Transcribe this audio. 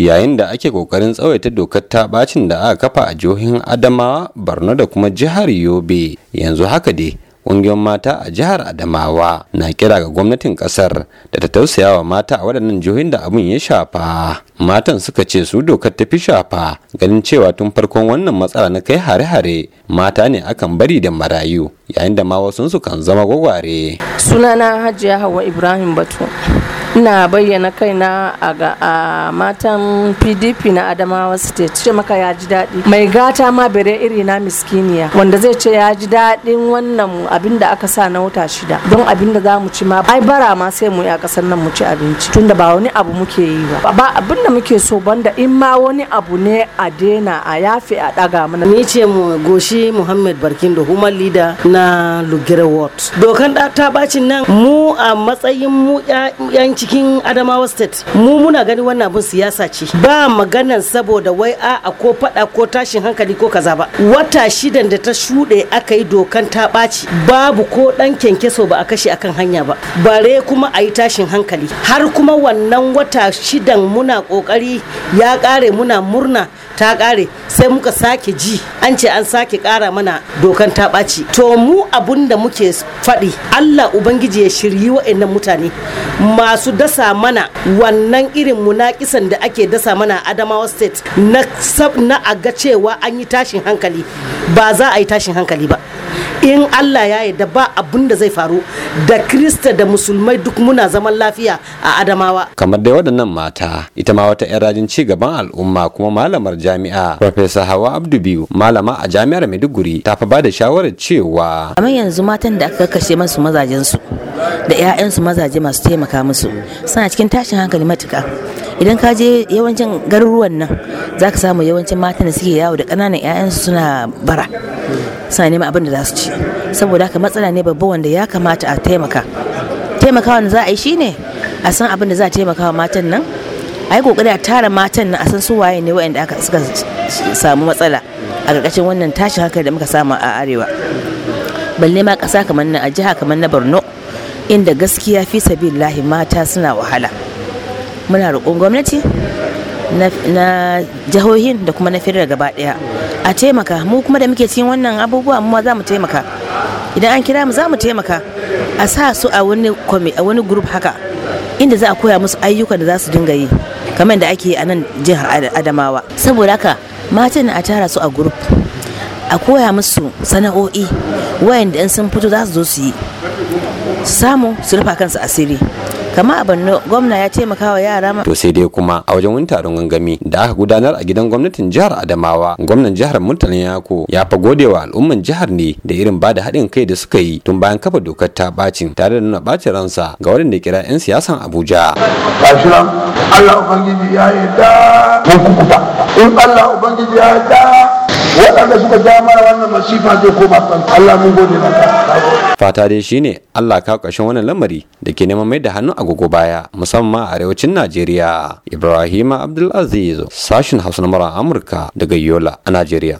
yayin da ake kokarin tsawaita dokar ta bacin da aka kafa a jihohin adamawa borno da kuma jihar yobe yanzu haka dai ƙungiyar mata a jihar adamawa na kira ga gwamnatin ƙasar da ta tausaya wa mata a waɗannan jihohin da abun ya shafa matan suka ce su dokar tafi shafa ganin cewa tun farkon wannan matsala na kai hare-hare mata ne akan bari da marayu yayin da ma wasu kan zama gwagware sunana hajiya hawa ibrahim batu ina bayyana kaina a matan pdp na adamawa state ce maka ya ji daɗi mai gata ma bere iri na miskiniya wanda zai ce ya ji daɗin wannan abinda aka sa na wata shida don abinda da za mu ci ma ai bara ma sai mu yi a ƙasar nan mu ci abinci tunda ba wani abu muke yi ba ba abin da muke so banda in ma wani abu ne a dena a yafe a ɗaga mana ni ce mu goshi muhammad barkin da human leader na lugere ward dokan ta bacin nan mu a matsayin mu 'yanci cikin adamawa state mu muna gani wannan abun siyasa ce ba magana saboda wai a ko fada ko tashin hankali ko kaza ba wata shidan da ta shuɗe aka yi dokan ta ɓaci babu ko ɗan kyankyaso ba a kashe akan hanya ba bare kuma a yi tashin hankali har kuma wannan wata shidan muna ƙoƙari ya ƙare muna murna ta ƙare sai muka sake ji an ce an sake ƙara mana dokan ta ɓaci to mu abun da muke faɗi allah ubangiji ya shiryi wa'annan mutane masu su dasa mana wannan irin munakisan da ake dasa mana a Adamawa State na na a ga cewa an yi tashin hankali ba za a yi tashin hankali ba in Allah ya yi da ba abun da zai faru da Krista da musulmai duk muna zaman lafiya a Adamawa kamar dai waɗannan mata ita ma wata 'yan rajin ci gaban al'umma kuma malamar jami'a Professor Hawa Abdu Biyu malama a jami'ar Maiduguri ta fa ba da shawarar cewa kamar yanzu matan da aka kashe masu mazajensu. da 'ya'yansu mazaje masu taimaka musu suna cikin tashin hankali matuka idan ka je yawancin garuruwan nan za ka samu yawancin matan da suke yawo da ƙananan 'ya'yansu suna bara suna neman abin da za su ci saboda haka matsala ne babba wanda ya kamata a taimaka taimakawa wanda za a yi shine a san abin da za a taimakawa matan nan a yi kokari a tara matan nan a san su waye ne waɗanda aka suka samu matsala a ƙarƙashin wannan tashin hankali da muka samu a arewa balle ma ƙasa kamar na a jiha kamar na borno inda gaskiya fi sabillahi mata suna wahala muna roƙon gwamnati na jihohin da kuma na firar gaba daya a taimaka mu kuma da muke cikin wannan abubuwa mu za mu taimaka idan an kira mu za mu taimaka a sa su a wani a wani group haka inda za a koya musu ayyukan da za su dinga yi kamar da ake a nan jihar adamawa saboda haka matan a tara su a group a koya musu sana'o'i wayanda in sun fito za su zo su yi samu su rufa kansu asiri kama a banno, gwamna ya taimaka wa yara ma. To sai dai kuma a wajen wani taron gangami da aka gudanar a gidan gwamnatin jihar Adamawa gwamnan jihar Murtala Yako ya fa godewa al'umman jihar ne da irin ba da haɗin kai da suka yi tun bayan kafa dokar ta bacin tare da nuna bacin ransa ga wadanda kira 'yan siyasan Abuja. Allah Ubangiji ya yarda in waɗanda suka ja mara wannan masifa zai koma kan Allah mun gode maka fata dai shine Allah ka ƙarshen wannan lamari da ke neman mai da hannu agogo baya musamman a arewacin Najeriya Ibrahima Abdulaziz sashin Hausa na Amurka daga Yola a Najeriya